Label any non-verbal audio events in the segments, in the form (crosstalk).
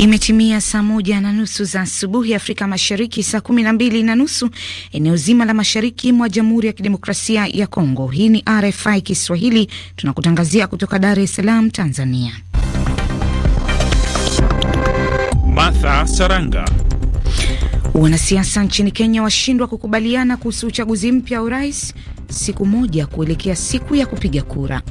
Imetimia saa moja na nusu za asubuhi Afrika Mashariki, saa kumi na mbili na nusu eneo zima la mashariki mwa Jamhuri ya Kidemokrasia ya Kongo. Hii ni RFI Kiswahili, tunakutangazia kutoka Dar es Salaam, Tanzania. Martha Saranga. Wanasiasa nchini Kenya washindwa kukubaliana kuhusu uchaguzi mpya wa urais siku moja kuelekea siku ya kupiga kura.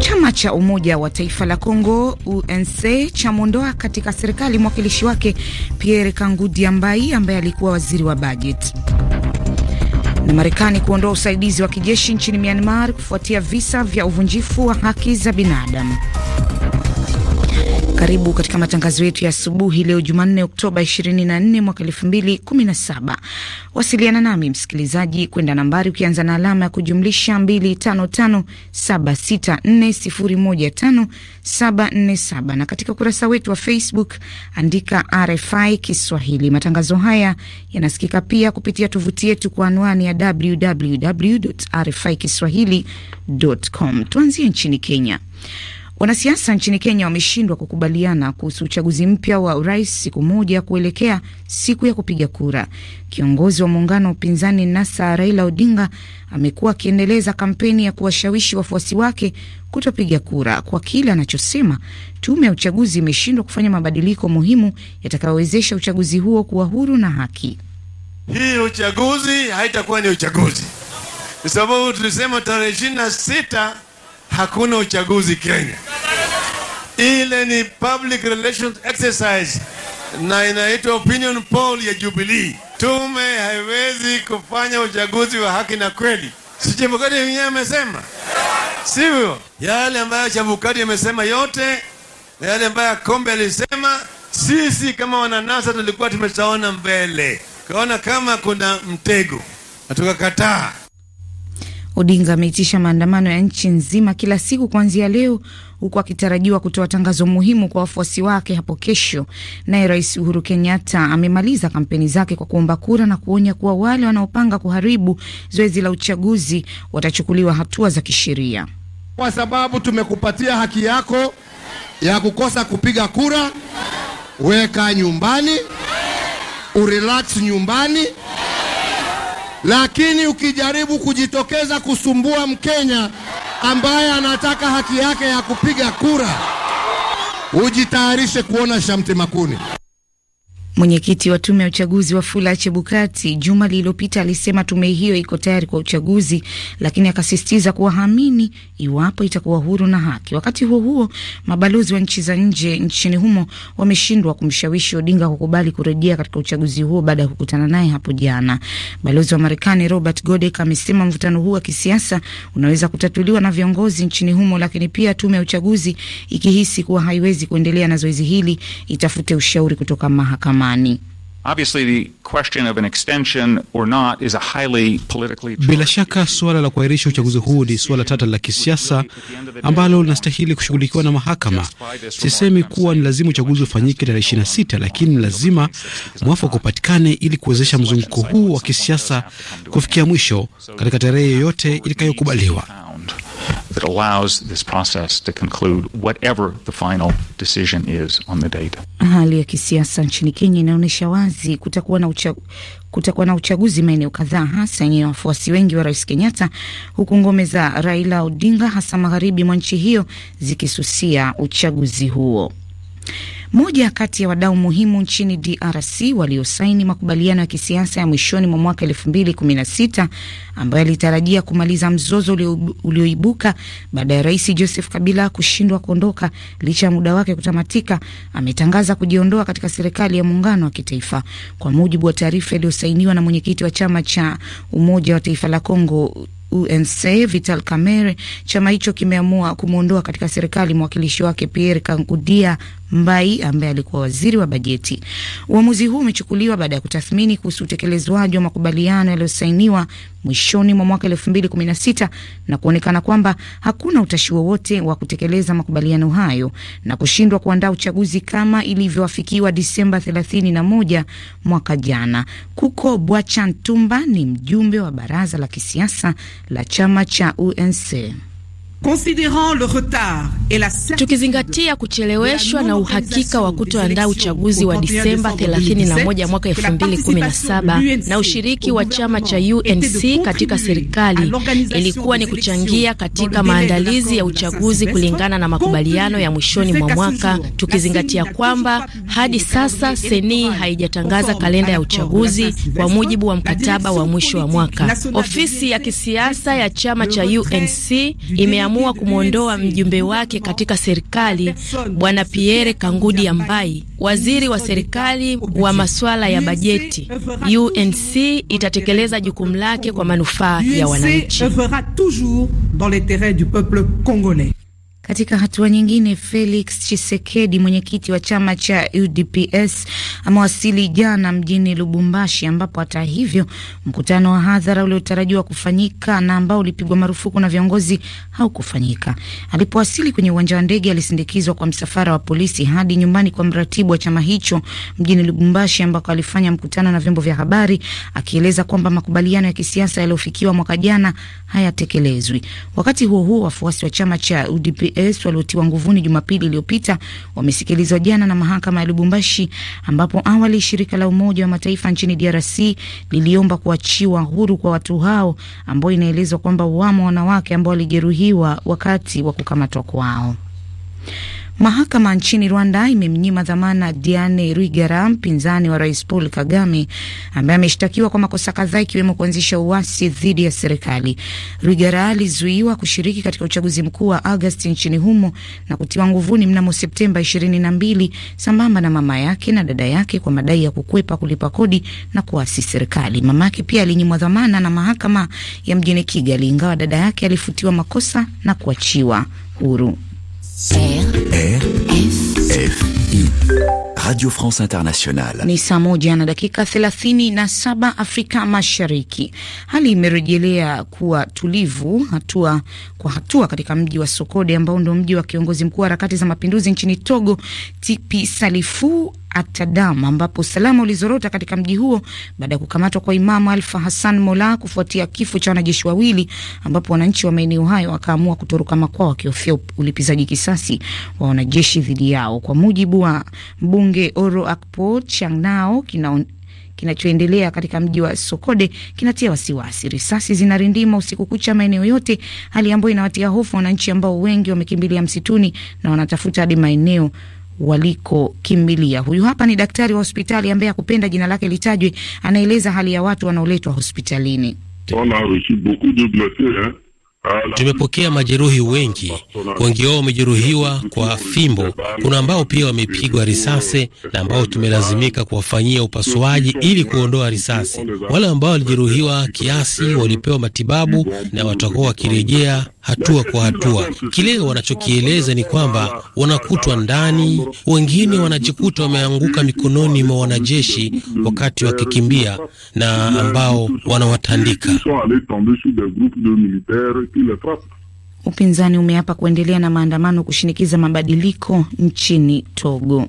Chama cha Umoja wa Taifa la Kongo UNC chamwondoa katika serikali mwakilishi wake Pierre Kangudi Ambai ambaye alikuwa waziri wa bajeti. Na Marekani kuondoa usaidizi wa kijeshi nchini Myanmar kufuatia visa vya uvunjifu wa haki za binadamu. Karibu katika matangazo yetu ya asubuhi leo Jumanne, Oktoba 24 mwaka 2017. Wasiliana nami msikilizaji kwenda nambari ukianza na alama ya kujumlisha 255764015747 na katika ukurasa wetu wa Facebook andika RFI Kiswahili. Matangazo haya yanasikika pia kupitia tovuti yetu kwa anwani ya kiswahilicom Tuanzie nchini Kenya. Wanasiasa nchini Kenya wameshindwa kukubaliana kuhusu uchaguzi mpya wa urais siku moja kuelekea siku ya kupiga kura. Kiongozi wa muungano wa upinzani NASA Raila Odinga amekuwa akiendeleza kampeni ya kuwashawishi wafuasi wake kutopiga kura kwa kile anachosema tume ya uchaguzi imeshindwa kufanya mabadiliko muhimu yatakayowezesha uchaguzi huo kuwa huru na haki. Hii uchaguzi haitakuwa ni uchaguzi, kwa sababu tulisema tarehe ishirini na sita hakuna uchaguzi Kenya. Ile ni public relations exercise na inaitwa opinion poll ya Jubilee. Tume haiwezi kufanya uchaguzi wa haki na kweli, si Chebukati mwenyewe amesema, sivyo? Yale ambayo Chebukati amesema yote na yale ambayo Kombe alisema, sisi kama wananasa tulikuwa tumeshaona mbele, tukaona kama kuna mtego na tukakataa. Odinga ameitisha maandamano ya nchi nzima kila siku kuanzia leo, huku akitarajiwa kutoa tangazo muhimu kwa wafuasi wake hapo kesho. Naye Rais Uhuru Kenyatta amemaliza kampeni zake kwa kuomba kura na kuonya kuwa wale wanaopanga kuharibu zoezi la uchaguzi watachukuliwa hatua za kisheria, kwa sababu tumekupatia haki yako ya kukosa kupiga kura. Weka nyumbani, urelax nyumbani lakini ukijaribu kujitokeza kusumbua Mkenya ambaye anataka haki yake ya kupiga kura, ujitayarishe kuona shamte makuni. Mwenyekiti wa tume ya uchaguzi wa fula Chebukati juma lililopita alisema tume hiyo iko tayari kwa uchaguzi, lakini akasisitiza kuwa haamini iwapo itakuwa huru na haki. Wakati huo huo, mabalozi wa nchi za nje nchini humo wameshindwa kumshawishi Odinga kukubali kurejea katika uchaguzi huo baada ya kukutana naye hapo jana. Balozi wa Marekani Robert Godek amesema mvutano huu wa kisiasa unaweza kutatuliwa na viongozi nchini humo, lakini pia tume ya uchaguzi ikihisi kuwa haiwezi kuendelea na zoezi hili itafute ushauri kutoka mahakama amani. Bila shaka suala la kuahirisha uchaguzi huu ni suala tata la kisiasa ambalo linastahili kushughulikiwa na mahakama. Sisemi kuwa ni lazima uchaguzi ufanyike tarehe 26, lakini ni lazima mwafaka upatikane ili kuwezesha mzunguko huu wa kisiasa kufikia mwisho katika tarehe yoyote itakayokubaliwa that allows this process to conclude whatever the final decision is on the date. Hali ya kisiasa nchini Kenya inaonyesha wazi kutakuwa na ucha, kutakuwa na uchaguzi maeneo kadhaa hasa yenye wafuasi wengi wa Rais Kenyatta, huku ngome za Raila Odinga hasa magharibi mwa nchi hiyo zikisusia uchaguzi huo. Moja kati ya wadau muhimu nchini DRC waliosaini makubaliano ya kisiasa ya mwishoni mwa mwaka 2016 ambayo alitarajia kumaliza mzozo ulioibuka baada ya Rais Joseph Kabila kushindwa kuondoka licha ya muda wake kutamatika, ametangaza kujiondoa katika serikali ya muungano wa kitaifa. Kwa mujibu wa taarifa iliyosainiwa na mwenyekiti wa chama cha Umoja wa Taifa la Kongo UNC Vital Kamerhe, chama hicho kimeamua kumwondoa katika serikali mwakilishi wake Pierre Kangudia Mbai ambaye alikuwa waziri wa bajeti. Uamuzi huu umechukuliwa baada ya kutathmini kuhusu utekelezwaji wa makubaliano yaliyosainiwa mwishoni mwa mwaka 2016 na kuonekana kwamba hakuna utashi wowote wa kutekeleza makubaliano hayo na kushindwa kuandaa uchaguzi kama ilivyoafikiwa Disemba 31 mwaka jana. Kuko Bwacha Ntumba ni mjumbe wa baraza la kisiasa la chama cha UNC. Tukizingatia kucheleweshwa na uhakika wa kutoandaa uchaguzi wa Disemba 31 mwaka 2017 na ushiriki wa chama cha UNC katika serikali, ilikuwa ni kuchangia katika maandalizi ya uchaguzi kulingana na makubaliano ya mwishoni mwa mwaka, tukizingatia kwamba hadi sasa seni haijatangaza kalenda ya uchaguzi kwa mujibu wa mkataba wa mwisho wa mwaka. Ofisi ya kisiasa ya chama cha UNC ime ameamua kumwondoa mjumbe wake katika serikali Bwana Pierre Kangudi Ambai, waziri wa serikali wa masuala ya bajeti. UNC itatekeleza jukumu lake kwa manufaa ya wananchi. Katika hatua nyingine, Felix chisekedi mwenyekiti wa chama cha UDPS, amewasili jana mjini Lubumbashi, ambapo hata hivyo mkutano wa hadhara uliotarajiwa kufanyika na ambao ulipigwa marufuku na viongozi haukufanyika. Alipowasili kwenye uwanja wa ndege, alisindikizwa kwa msafara wa polisi hadi nyumbani kwa mratibu wa chama hicho mjini Lubumbashi, ambako alifanya mkutano na vyombo vya habari, akieleza kwamba makubaliano ya kisiasa yaliyofikiwa mwaka jana hayatekelezwi. Wakati huo huo, wafuasi wa chama cha UDPS waliotiwa nguvuni Jumapili iliyopita wamesikilizwa jana na mahakama ya Lubumbashi, ambapo awali shirika la Umoja wa Mataifa nchini DRC liliomba kuachiwa huru kwa watu hao ambao inaelezwa kwamba wamo wanawake ambao walijeruhiwa wakati wa kukamatwa kwao. Mahakama nchini Rwanda imemnyima dhamana Diane Rwigara, mpinzani wa rais Paul Kagame, ambaye ameshtakiwa kwa makosa kadhaa ikiwemo kuanzisha uasi dhidi ya serikali. Rwigara alizuiwa kushiriki katika uchaguzi mkuu wa Agosti nchini humo na kutiwa nguvuni mnamo Septemba 22 sambamba na mama yake na dada yake kwa madai ya kukwepa kulipa kodi na kuasi serikali. Mama yake pia alinyimwa dhamana na mahakama ya mjini Kigali, ingawa dada yake alifutiwa makosa na kuachiwa huru. RFI Radio France Internationale. Ni saa moja na dakika 37 Afrika Mashariki. Hali imerejelea kuwa tulivu hatua kwa hatua katika mji wa Sokode ambao ndio mji wa kiongozi mkuu wa harakati za mapinduzi nchini Togo, Tipi Salifu Atadam ambapo usalama ulizorota katika mji huo baada ya kukamatwa kwa Imamu Alfa Hassan Mola kufuatia kifo cha wanajeshi wawili, ambapo wananchi wa maeneo hayo wakaamua kutoroka makwao wakihofia ulipizaji kisasi wa wanajeshi dhidi yao. Kwa mujibu wa mbunge Oro Akpo Changnao, kina kinachoendelea katika mji wa Sokode kinatia wasiwasi. Risasi zinarindima usiku kucha maeneo yote, hali ambayo inawatia hofu wananchi ambao wengi wamekimbilia msituni na wanatafuta hadi maeneo walikokimbilia. Huyu hapa ni daktari wa hospitali ambaye hakupenda jina lake litajwe, anaeleza hali ya watu wanaoletwa hospitalini. Tumepokea majeruhi wengi, wengi wao wamejeruhiwa kwa fimbo. Kuna ambao pia wamepigwa risasi na ambao tumelazimika kuwafanyia upasuaji ili kuondoa risasi. Wale ambao walijeruhiwa kiasi walipewa matibabu na watakuwa wakirejea hatua kwa hatua. Kile wanachokieleza ni kwamba wanakutwa ndani, wengine wanajikuta wameanguka mikononi mwa wanajeshi wakati wakikimbia, na ambao wanawatandika. Upinzani umeapa kuendelea na maandamano kushinikiza mabadiliko nchini Togo.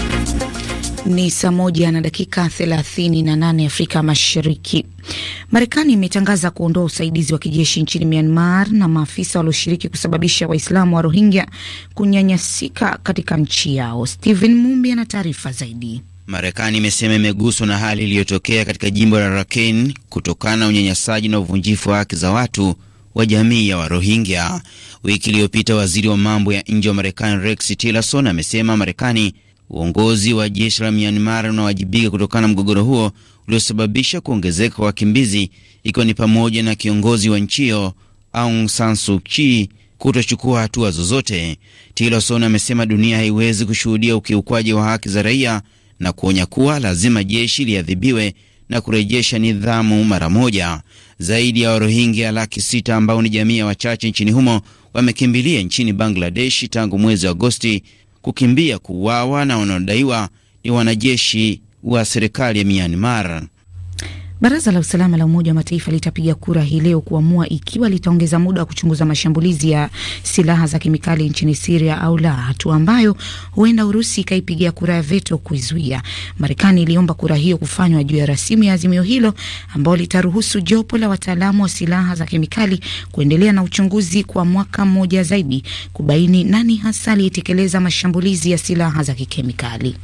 Ni saa moja na dakika nane Afrika Mashariki. Marekani imetangaza kuondoa usaidizi wa kijeshi nchini Myanmar na maafisa walioshiriki kusababisha Waislamu wa Rohingya kunyanyasika katika nchi yao. Stephen Mumbi ana taarifa zaidi. Marekani imesema imeguswa na hali iliyotokea katika jimbo la Rakhine kutokana na unyanyasaji na uvunjifu wa haki za watu wa jamii ya Warohingya. Wiki iliyopita waziri wa mambo ya nje wa Marekani Rex Tillerson amesema Marekani Uongozi wa jeshi la Myanmar unawajibika kutokana na mgogoro huo uliosababisha kuongezeka kwa wakimbizi, ikiwa ni pamoja na kiongozi wa nchi hiyo Aung San Suu Kyi kutochukua hatua zozote. Tillerson amesema dunia haiwezi kushuhudia ukiukwaji wa haki za raia na kuonya kuwa lazima jeshi liadhibiwe na kurejesha nidhamu mara moja. Zaidi ya Warohingya laki sita ambao ni jamii ya wachache nchini humo wamekimbilia nchini bangladesh tangu mwezi Agosti kukimbia kuuawa na wanaodaiwa ni wanajeshi wa serikali ya Myanmar. Baraza la usalama la Umoja wa Mataifa litapiga kura hii leo kuamua ikiwa litaongeza muda wa kuchunguza mashambulizi ya silaha za kemikali nchini Siria au la, hatua ambayo huenda Urusi ikaipigia kura ya veto kuizuia. Marekani iliomba kura hiyo kufanywa juu ya rasimu ya azimio hilo ambayo litaruhusu jopo la wataalamu wa silaha za kemikali kuendelea na uchunguzi kwa mwaka mmoja zaidi kubaini nani hasa aliyetekeleza mashambulizi ya silaha za kikemikali.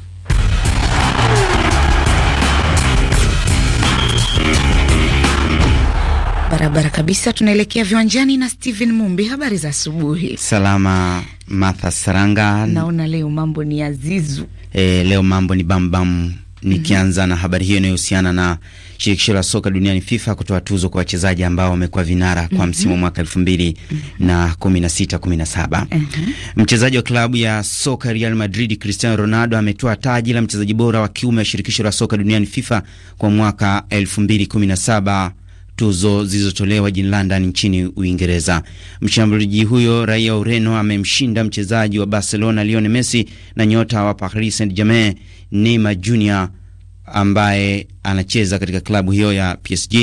barabara kabisa. Tunaelekea viwanjani na Steven Mumbi. Habari za asubuhi. Salama Martha Saranga. Naona leo mambo ni azizu. E, leo mambo ni bambam nikianza mm -hmm. na habari hiyo inayohusiana na shirikisho la soka duniani FIFA kutoa tuzo kwa wachezaji ambao wamekuwa vinara mm -hmm. kwa mhm. msimu mwaka elfu mbili mm -hmm. na kumi na sita kumi na saba mhm. mchezaji wa klabu ya soka Real Madrid Cristiano Ronaldo ametoa taji la mchezaji bora wa kiume wa shirikisho la soka duniani FIFA kwa mwaka elfu mbili kumi na saba tuzo zilizotolewa jini London nchini Uingereza. Mshambuliaji huyo raia wa Ureno amemshinda mchezaji wa Barcelona Lionel Messi na nyota wa Paris Saint-Germain Neymar Jr ambaye anacheza katika klabu hiyo ya PSG.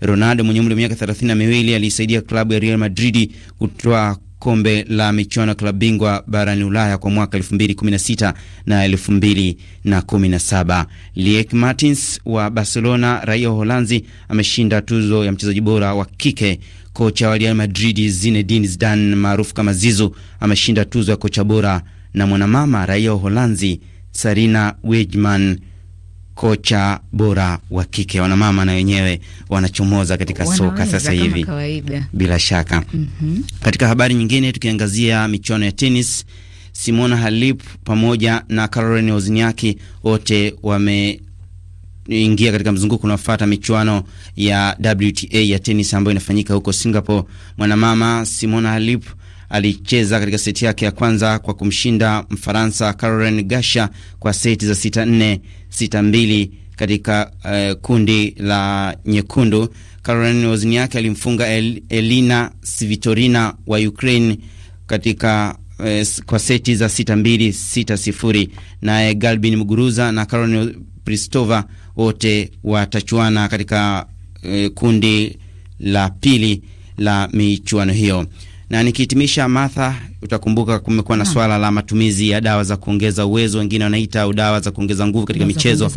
Ronaldo mwenye umri wa miaka miwili aliisaidia klabu ya Real Madrid kutoa kombe la michuano ya klabu bingwa barani Ulaya kwa mwaka 2016 na 2017. Liek Martins wa Barcelona, raia wa Holanzi, ameshinda tuzo ya mchezaji bora wa kike. Kocha wa Real Madrid Zinedine Zidane maarufu kama Zizu ameshinda tuzo ya kocha bora, na mwanamama raia wa Holanzi Sarina Wegman kocha bora wa kike. Wanamama na wenyewe wanachomoza katika wana soka sasa hivi bila shaka. mm -hmm. Katika habari nyingine, tukiangazia michuano ya tenis, Simona Halep pamoja na Caroline Wozniacki wote wame ingia katika mzunguko unaofuata michuano ya WTA ya tenis ambayo inafanyika huko Singapore. Mwanamama Simona Halep alicheza katika seti yake ya kwanza kwa kumshinda Mfaransa Caroline Gasha kwa seti za 6-4, 6-2 katika uh, kundi la nyekundu. Caroline wazini yake alimfunga El, Elina Svitorina wa Ukraine katika eh, kwa seti za sita mbili sita sifuri. Naye Galbin Muguruza na caron Pristova wote watachuana katika uh, kundi la pili la michuano hiyo. Na nikihitimisha, Martha utakumbuka kumekuwa na swala la matumizi ya dawa za kuongeza uwezo, wengine wanaita au dawa za kuongeza nguvu katika michezo.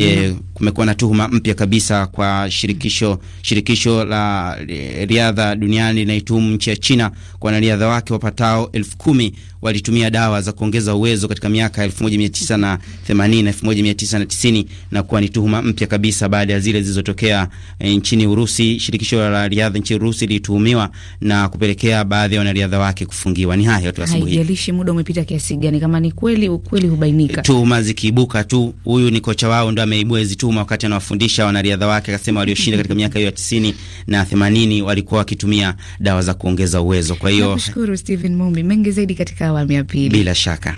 E, kumekuwa na tuhuma mpya kabisa kwa shirikisho shirikisho la eh, riadha duniani linaituhumu nchi ya China kwa wanariadha wake wapatao elfu kumi walitumia dawa za kuongeza uwezo katika miaka 1980 na 1990 na kuwa ni tuhuma mpya kabisa baada ya zile zilizotokea e, nchini Urusi. Shirikisho la riadha nchini Urusi lilituhumiwa na kupelekea baadhi ya wanariadha wake kufungiwa kujibiwa. Ni hayo tu asubuhi, haijalishi muda umepita kiasi gani, kama ni kweli, ukweli hubainika. Tuma zikiibuka tu, huyu ni kocha wao ndo ameibua hizi wakati anawafundisha wanariadha wake, akasema walioshinda katika miaka hiyo ya tisini na themanini walikuwa wakitumia dawa za kuongeza uwezo. Kwa hiyo nakushukuru Stephen Mumbi, mengi zaidi katika awamu ya pili, bila shaka.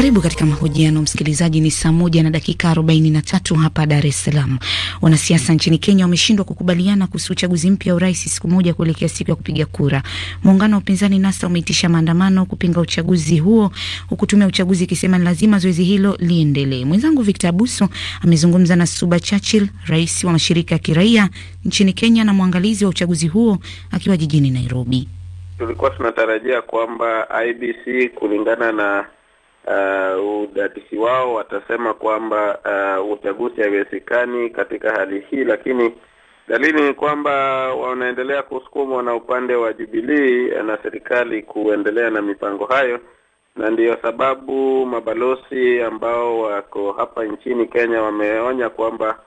Karibu katika mahojiano msikilizaji. Ni saa moja na dakika arobaini na tatu hapa Dar es Salaam. Wanasiasa nchini Kenya wameshindwa kukubaliana kuhusu uchaguzi mpya wa urais siku moja kuelekea siku ya kupiga kura. Muungano wa upinzani NASA umeitisha maandamano kupinga uchaguzi huo, huku tume ya uchaguzi ikisema ni lazima zoezi hilo liendelee. Mwenzangu Victor Abuso amezungumza na Suba Churchill, rais wa mashirika ya kiraia nchini Kenya na mwangalizi wa uchaguzi huo, akiwa jijini Nairobi. Tulikuwa tunatarajia kwamba IBC kulingana na uh, udadisi wao watasema kwamba uh, uchaguzi haiwezekani katika hali hii, lakini dalili ni kwamba wanaendelea kusukumwa na upande wa Jubilee na serikali kuendelea na mipango hayo, na ndiyo sababu mabalozi ambao wako hapa nchini Kenya wameonya kwamba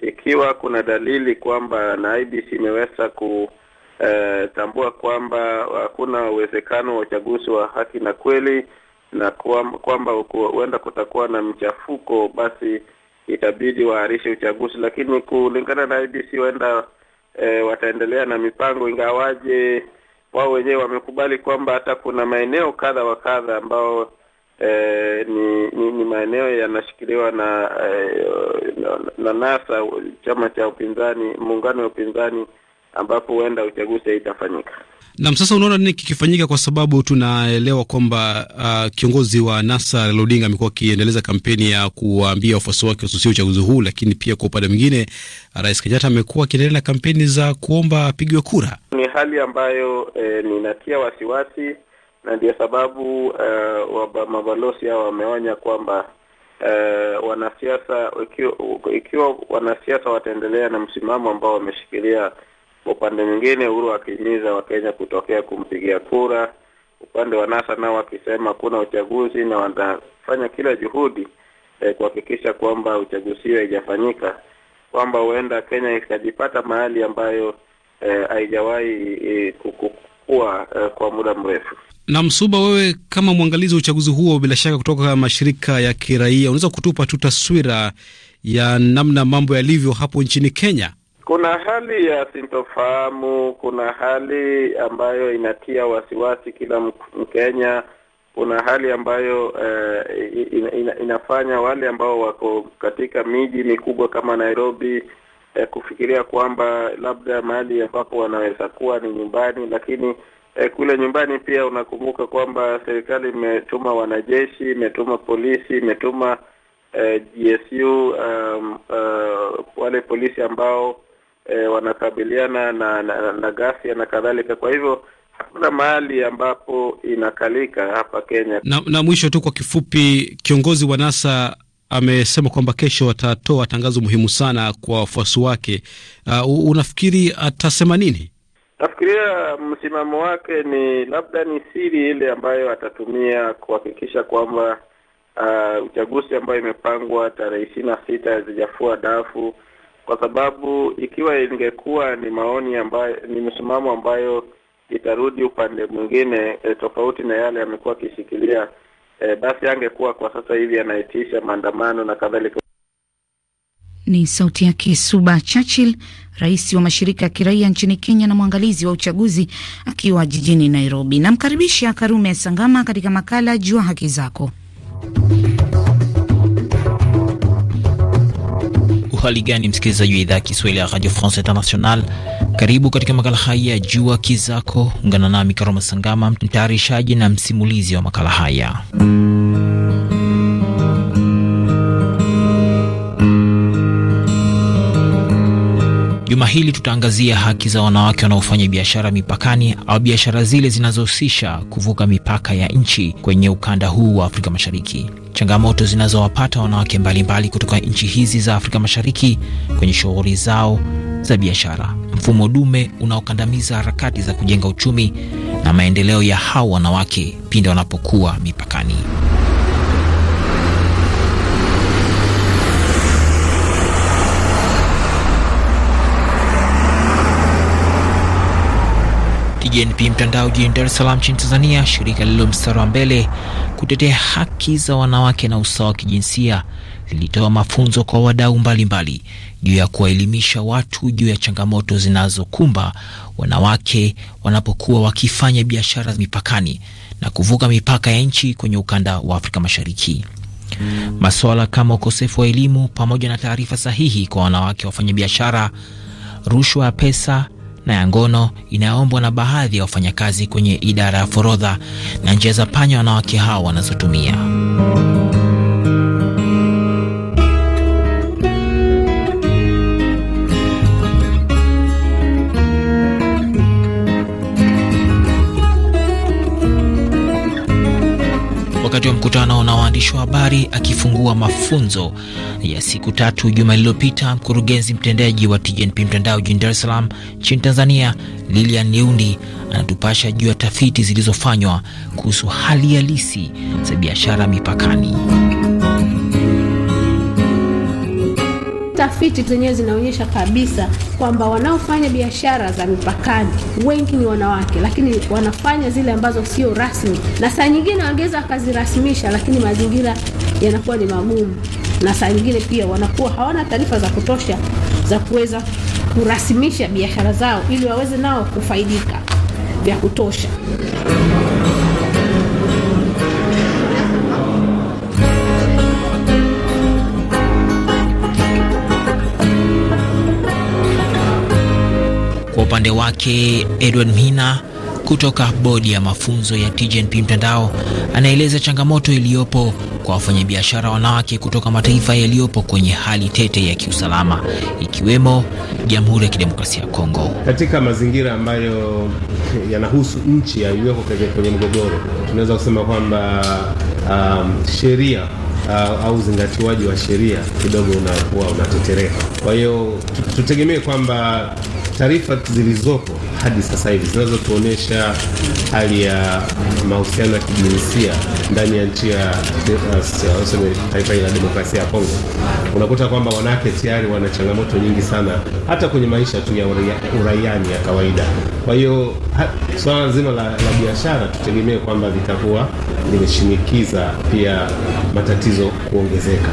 ikiwa kuna dalili kwamba na IBC imeweza kutambua uh, kwamba hakuna uwezekano wa uchaguzi wa haki na kweli na kwamba huenda kutakuwa na mchafuko, basi itabidi waarishe uchaguzi, lakini kulingana na IBC huenda e, wataendelea na mipango ingawaje wao wenyewe wamekubali kwamba hata kuna maeneo kadha wa kadha ambao e, ni, ni, ni maeneo yanashikiliwa na, e, na na NASA, chama cha upinzani, muungano wa upinzani, ambapo huenda uchaguzi haitafanyika. Nam, sasa unaona nini kikifanyika, kwa sababu tunaelewa kwamba uh, kiongozi wa NASA Odinga amekuwa akiendeleza kampeni ya kuwaambia wafuasi wake wasusia uchaguzi huu, lakini pia kwa upande mwingine Rais Kenyatta amekuwa akiendelea na kampeni za kuomba apigiwe kura. Ni hali ambayo eh, ninatia wasiwasi na ndio sababu eh, mabalozi hao wameonya kwamba eh, wanasiasa ikiwa, ikiwa wanasiasa wataendelea na msimamo ambao wameshikilia upande mwingine Uhuru akihimiza Wakenya kutokea kumpigia kura, upande wa NASA nao wakisema kuna uchaguzi na wanafanya kila juhudi eh, kuhakikisha kwamba uchaguzi hiyo haijafanyika, kwamba huenda Kenya ikajipata mahali ambayo eh, haijawahi eh, eh, kukua eh, kwa muda mrefu. Na Msuba, wewe kama mwangalizi wa uchaguzi huo, bila shaka kutoka mashirika ya kiraia, unaweza kutupa tu taswira ya namna mambo yalivyo hapo nchini Kenya? Kuna hali ya sintofahamu, kuna hali ambayo inatia wasiwasi kila Mkenya, kuna hali ambayo eh, inafanya wale ambao wako katika miji mikubwa kama Nairobi eh, kufikiria kwamba labda mahali ambapo wanaweza kuwa ni nyumbani, lakini eh, kule nyumbani pia unakumbuka kwamba serikali imetuma wanajeshi, imetuma polisi, imetuma eh, GSU um, uh, wale polisi ambao e, wanakabiliana na, na, na, na ghasia na kadhalika. Kwa hivyo hakuna mahali ambapo inakalika hapa Kenya. Na, na mwisho tu kwa kifupi, kiongozi wa NASA amesema kwamba kesho atatoa tangazo muhimu sana kwa wafuasi wake. Uh, unafikiri atasema nini? Nafikiria msimamo wake ni labda ni siri ile ambayo atatumia kuhakikisha kwamba uh, uchaguzi ambayo imepangwa tarehe ishirini na sita hazijafua dafu kwa sababu ikiwa ingekuwa ni maoni ambayo ni msimamo ambayo itarudi upande mwingine e, tofauti na yale amekuwa akishikilia e, basi angekuwa kwa sasa hivi anaitisha maandamano na kadhalika. Ni sauti yake Suba Churchill, rais wa mashirika ya kiraia nchini Kenya na mwangalizi wa uchaguzi akiwa jijini Nairobi. Namkaribisha Karume Sangama katika makala Jua Haki Zako. hali gani msikilizaji wa idhaa Kiswahili ya Radio France International, karibu katika makala haya jua kizako. Ungana nami Karoma Sangama, mtayarishaji na msimulizi wa makala haya. Juma hili tutaangazia haki za wanawake wanaofanya biashara mipakani au biashara zile zinazohusisha kuvuka mipaka ya nchi kwenye ukanda huu wa Afrika Mashariki, changamoto zinazowapata wanawake mbalimbali kutoka nchi hizi za Afrika Mashariki kwenye shughuli zao za biashara, mfumo dume unaokandamiza harakati za kujenga uchumi na maendeleo ya hao wanawake pindi wanapokuwa mipakani. TGNP mtandao jijini Dar es Salaam nchini Tanzania, shirika lililo mstari wa mbele kutetea haki za wanawake na usawa wa kijinsia lilitoa mafunzo kwa wadau mbalimbali juu ya kuwaelimisha watu juu ya changamoto zinazokumba wanawake wanapokuwa wakifanya biashara mipakani na kuvuka mipaka ya nchi kwenye ukanda wa Afrika Mashariki. Hmm. Masuala kama ukosefu wa elimu pamoja na taarifa sahihi kwa wanawake wafanyabiashara, rushwa ya pesa na ya ngono inayoombwa na baadhi ya wafanyakazi kwenye idara ya forodha na njia za panya wanawake hao wanazotumia. wakati wa mkutano na waandishi wa habari akifungua mafunzo ya siku tatu juma lililopita, mkurugenzi mtendaji wa TGNP mtandao jijini Dar es Salaam nchini Tanzania, Lilian Liundi anatupasha juu ya tafiti zilizofanywa kuhusu hali halisi za biashara mipakani. tafiti zenyewe zinaonyesha kabisa kwamba wanaofanya biashara za mipakani wengi ni wanawake, lakini wanafanya zile ambazo sio rasmi, na saa nyingine wangeweza wakazirasmisha lakini mazingira yanakuwa ni magumu, na saa nyingine pia wanakuwa hawana taarifa za kutosha za kuweza kurasimisha biashara zao ili waweze nao kufaidika vya kutosha. upande wake Edward Mhina kutoka bodi ya mafunzo ya TGNP mtandao anaeleza changamoto iliyopo kwa wafanyabiashara wanawake kutoka mataifa yaliyopo kwenye hali tete ya kiusalama ikiwemo Jamhuri ya Kidemokrasia ya Kongo. Katika mazingira ambayo yanahusu nchi iliyoko kwenye mgogoro, tunaweza kusema kwamba um, sheria uh, au uzingatiwaji wa sheria kidogo unakuwa unatetereka. Kwa hiyo tutegemee kwamba taarifa zilizopo hadi sasa hivi zinazotuonyesha hali ya mahusiano ya kijinsia ndani ya nchi ya eh, taifa la demokrasia ya Kongo, unakuta kwamba wanawake tayari wana changamoto nyingi sana, hata kwenye maisha tu ya uraiani ya kawaida. Kwa hiyo swala zima la, la biashara tutegemee kwamba litakuwa limeshinikiza pia matatizo kuongezeka.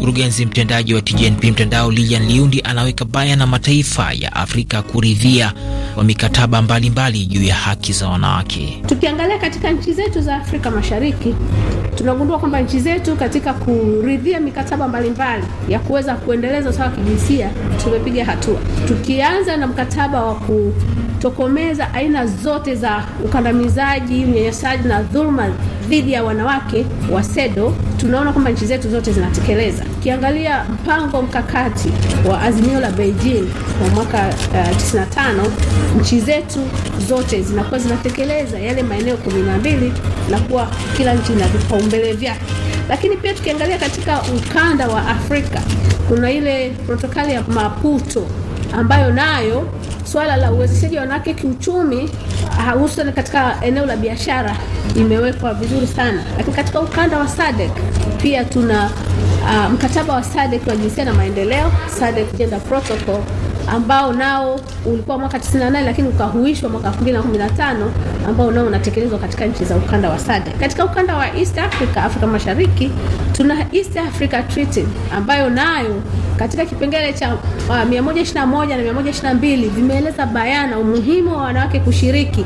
Mkurugenzi mtendaji wa TGNP mtandao Lilian Liundi anaweka bayana mataifa ya Afrika kuridhia kwa mikataba mbalimbali juu ya haki za wanawake. Tukiangalia katika nchi zetu za Afrika Mashariki, tunagundua kwamba nchi zetu katika kuridhia mikataba mbalimbali ya kuweza kuendeleza usawa wa kijinsia tumepiga hatua, tukianza na mkataba wa kutokomeza aina zote za ukandamizaji, unyanyasaji na dhuluma dhidi ya wanawake wa SEDO. Tunaona kwamba nchi zetu zote zinatekeleza Ukiangalia mpango mkakati wa azimio la Beijing wa mwaka uh, eh, 95 nchi zetu zote zinakuwa zinatekeleza yale maeneo kumi na mbili na kuwa kila nchi ina vipaumbele vyake, lakini pia tukiangalia katika ukanda wa Afrika kuna ile protokali ya Maputo ambayo nayo swala la uwezeshaji wa wanawake kiuchumi ah, hususan katika eneo la biashara imewekwa vizuri sana, lakini katika ukanda wa SADC pia tuna uh, mkataba wa SADC wa jinsia na maendeleo, SADC Gender Protocol ambao nao ulikuwa mwaka 98 lakini ukahuishwa mwaka 2015 ambao nao unatekelezwa katika nchi za ukanda wa SADC. Katika ukanda wa East Africa, Afrika Mashariki, tuna East Africa Treaty ambayo nayo katika kipengele cha uh, ah, 121 na 122 vimeeleza bayana umuhimu wa wanawake kushiriki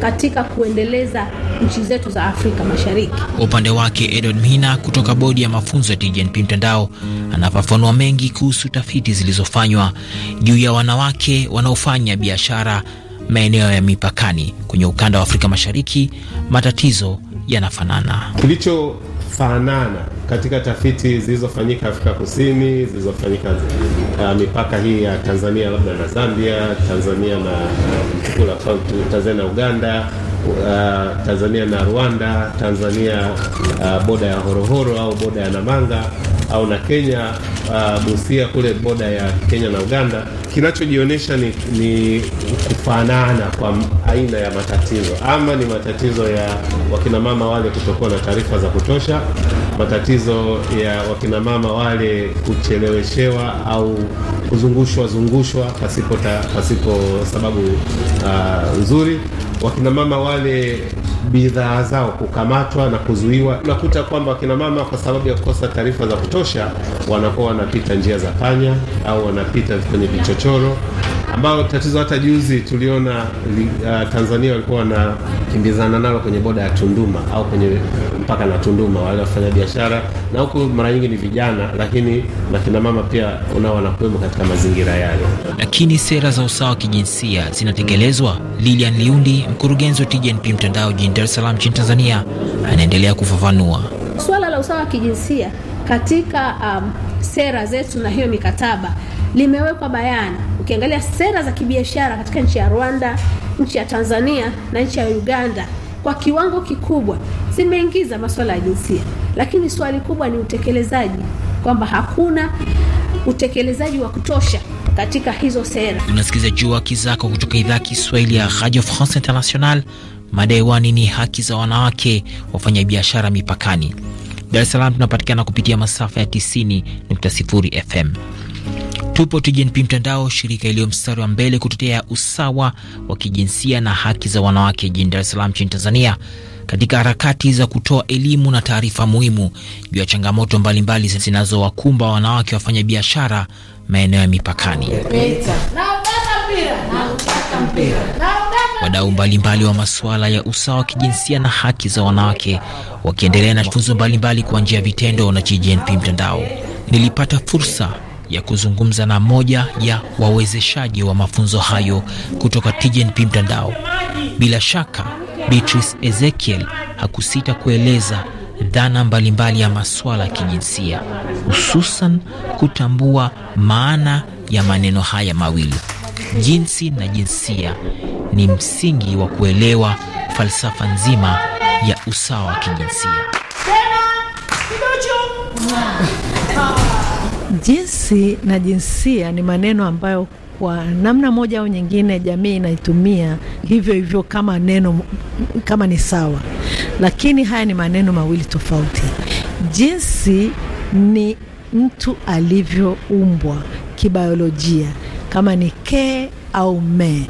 katika kuendeleza nchi zetu za Afrika Mashariki. Kwa upande wake, Edward Mhina kutoka bodi ya mafunzo ya TGNP mtandao anafafanua mengi kuhusu tafiti zilizofanywa juu ya wanawake wanaofanya biashara maeneo ya mipakani kwenye ukanda wa Afrika Mashariki. Matatizo yanafanana. Kilichofanana katika tafiti zilizofanyika Afrika Kusini, zilizofanyika uh, mipaka hii ya Tanzania labda na Zambia, Tanzania na uh, Tanzania na Uganda uh, Tanzania na Rwanda, Tanzania uh, boda ya Horohoro au boda ya Namanga au na Kenya uh, Busia kule boda ya Kenya na Uganda. Kinachojionyesha ni, ni kufanana kwa aina ya matatizo, ama ni matatizo ya wakinamama wale kutokuwa na taarifa za kutosha, matatizo ya wakinamama wale kucheleweshewa au kuzungushwa zungushwa pasipo, ta, pasipo sababu uh, nzuri. Wakinamama wale bidhaa zao kukamatwa na kuzuiwa. Unakuta kwamba wakinamama kwa sababu ya kukosa taarifa za kutosha wanakuwa wanapita njia za panya au wanapita kwenye vichochoro ambayo tatizo hata juzi tuliona uh, Tanzania walikuwa wanakimbizana nalo kwenye boda ya Tunduma au kwenye mpaka na Tunduma, wale wafanya biashara na huku mara nyingi ni vijana, lakini na kina mama pia unao wanakuwemo katika mazingira yale. Lakini sera za usawa wa kijinsia zinatekelezwa? Lilian Liundi, mkurugenzi wa TGNP mtandao jijini Dar es Salaam nchini Tanzania, anaendelea kufafanua swala la usawa wa kijinsia katika um, sera zetu na hiyo mikataba limewekwa bayana ukiangalia sera za kibiashara katika nchi ya Rwanda, nchi ya Tanzania na nchi ya Uganda kwa kiwango kikubwa zimeingiza masuala ya jinsia, lakini swali kubwa ni utekelezaji, kwamba hakuna utekelezaji wa kutosha katika hizo sera. Unasikiliza Jua Haki Zako kutoka idhaa ya Kiswahili ya Radio France International. Mada hewani ni haki za wanawake wafanyabiashara mipakani. Dar es Salaam tunapatikana kupitia masafa ya 90.0 FM. Tupo TGNP Mtandao, shirika iliyo mstari wa mbele kutetea usawa wa kijinsia na haki za wanawake jijini Dar es Salaam nchini Tanzania, katika harakati za kutoa elimu na taarifa muhimu juu ya changamoto mbalimbali zinazowakumba wanawake wafanya biashara maeneo ya mipakani. Wadau mbalimbali wa masuala ya usawa wa kijinsia na haki za wanawake wakiendelea na funzo mbalimbali kwa njia ya vitendo na TGNP Mtandao, nilipata fursa ya kuzungumza na moja ya wawezeshaji wa mafunzo hayo kutoka TGNP Mtandao. Bila shaka, Beatrice Ezekiel hakusita kueleza dhana mbalimbali ya masuala ya kijinsia, hususan kutambua maana ya maneno haya mawili. Jinsi na jinsia ni msingi wa kuelewa falsafa nzima ya usawa wa kijinsia. (laughs) Jinsi na jinsia ni maneno ambayo kwa namna moja au nyingine jamii inaitumia hivyo hivyo kama neno, kama ni sawa, lakini haya ni maneno mawili tofauti. Jinsi ni mtu alivyoumbwa kibayolojia kama ni ke au me,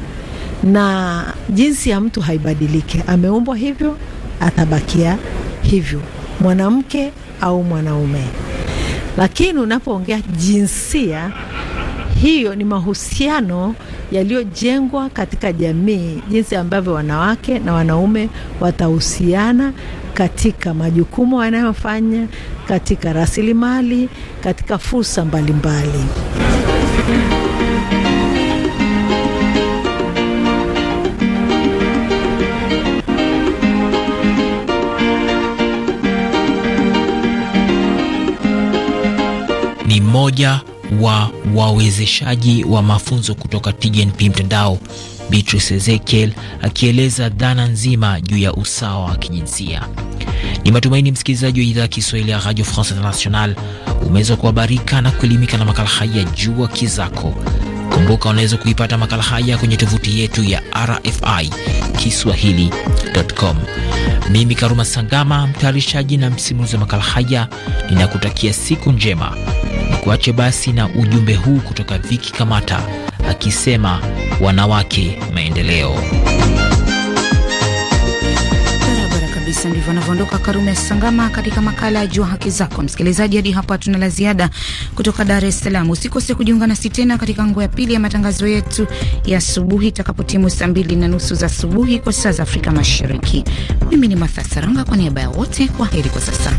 na jinsi ya mtu haibadiliki. Ameumbwa hivyo, atabakia hivyo, mwanamke au mwanaume. Lakini unapoongea jinsia, hiyo ni mahusiano yaliyojengwa katika jamii, jinsi ambavyo wanawake na wanaume watahusiana katika majukumu wanayofanya, katika rasilimali, katika fursa mbalimbali. mmoja wa wawezeshaji wa mafunzo kutoka TGNP mtandao Beatrice Ezekiel akieleza dhana nzima juu ya usawa wa kijinsia. Ni matumaini msikilizaji wa idhaa ya Kiswahili ya Radio France International umeweza kuhabarika na kuelimika na makala haya jua kizako. Kumbuka, unaweza kuipata makala haya kwenye tovuti yetu ya RFI Kiswahili.com. Mimi Karuma Sangama, mtayarishaji na msimulizi wa makala haya, ninakutakia siku njema. Nikuache basi na ujumbe huu kutoka Viki Kamata akisema wanawake maendeleo. Kabisa ndivyo anavyoondoka Karume Sangama katika makala ya Jua Haki Zako. Msikilizaji, hadi hapa hatuna la ziada kutoka Dar es Salaam. Usikose kujiunga nasi tena katika nguo ya pili ya matangazo yetu ya asubuhi itakapotimu saa mbili na nusu za asubuhi kwa saa za Afrika Mashariki. Mimi ni mathasaranga Saranga, kwa niaba ya wote, kwa heri kwa sasa.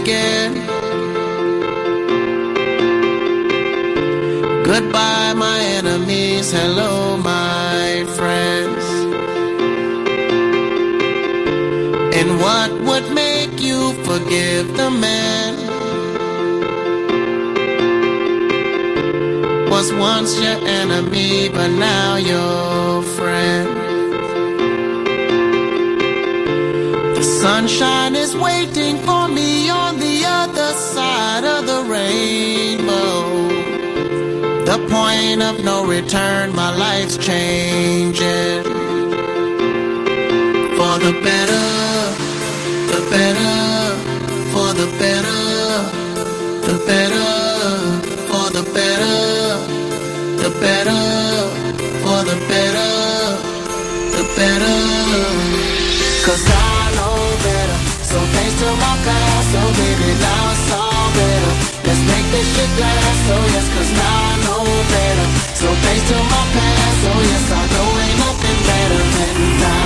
again. Goodbye, my enemies. Hello, my friends. And what would make you forgive the man? Was once your enemy, but now you're. Sunshine is waiting for me on the other side of the rainbow. The point of no return, my life's changing. For the better, the better, for the better, the better, for the better, the better, for the better, the better. Cause I to my out So baby, now it's all better Let's make this shit last, oh yes Cause now I know better So face to my past, oh yes I know ain't nothing better than now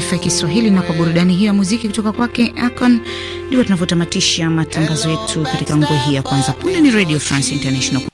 RFI Kiswahili, na kwa burudani hiyo ya muziki kutoka kwake Akon, ndio tunavyotamatisha matangazo yetu katika nguo hii ya kwanza. Punde ni Radio France International.